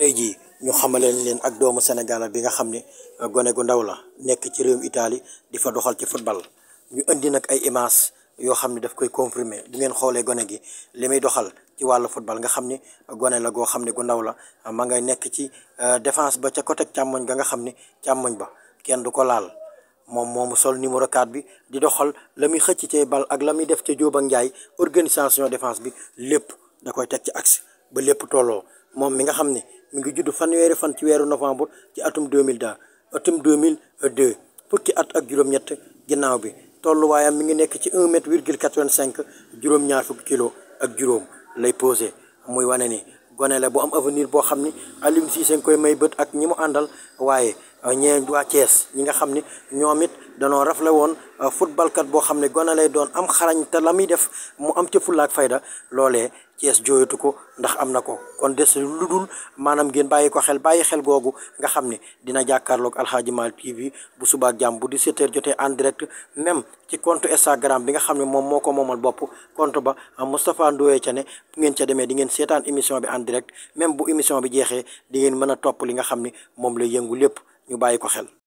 tey jii ñu xamaleen leen ak doomu Sénégal bi nga xam ne euh, gone gu ndaw la nekk ci réewum itali di fa doxal ci football ñu indi nag ay image yoo xam ne daf koy confirmer bu ngeen xoolee gone gi li muy doxal ci wàllu football nga xam ni gone la goo xam ne gu ndaw la ma ngay nekk ci euh, défense ba ca côté càmmoñ ga nga xam ni càmmoñ ba kenn du ko laal moom moomu sol numéro 4 bi di doxal la muy xëcc cay bal ak la muy def ca Jóob ak Njaay organisation défense bi lépp da koy teg ci axe ba lépp tolloo moom mi nga xam ne mi ngi judd fanweeri fan ci weeru novembre ci atum 2000 atum 2002 fukki at ak juróom-ñett ginnaaw bi tolluwaayam mi ngi nekk ci 1 mètre virgule 85 juróom-ñaar fukki kilo ak juróom lay posé muy wane ni gone la bu am avenir boo xam ni Aliou Cissé koy may bët ak ñi mu àndal waaye ñee waa Thiès ñi nga xam ni ñoom it danoo rafle woon euh, footballkat boo xam ne gona lay doon am xarañ ta la muy def mu am ca fulla fayda loolee Thiès jooyatu ko ndax am na ko kon des lu dul maanaam ngeen bàyyi ko xel bàyyi xel googu nga xam ne dina jàkkaarloog Aladji Malick TV bu subaak jàmm bu 17h jotee en direct même ci compte Instagram bi nga xam ne moom moo ko moomal bopp kont ba euh, Moustapha Ndoye ca ne bu ngeen ca demee di ngeen seetaan émission bi en direct même bu émission bi jeexee di ngeen a topp li xam ne moom lay yëngu lépp ñu bàyyi ko xel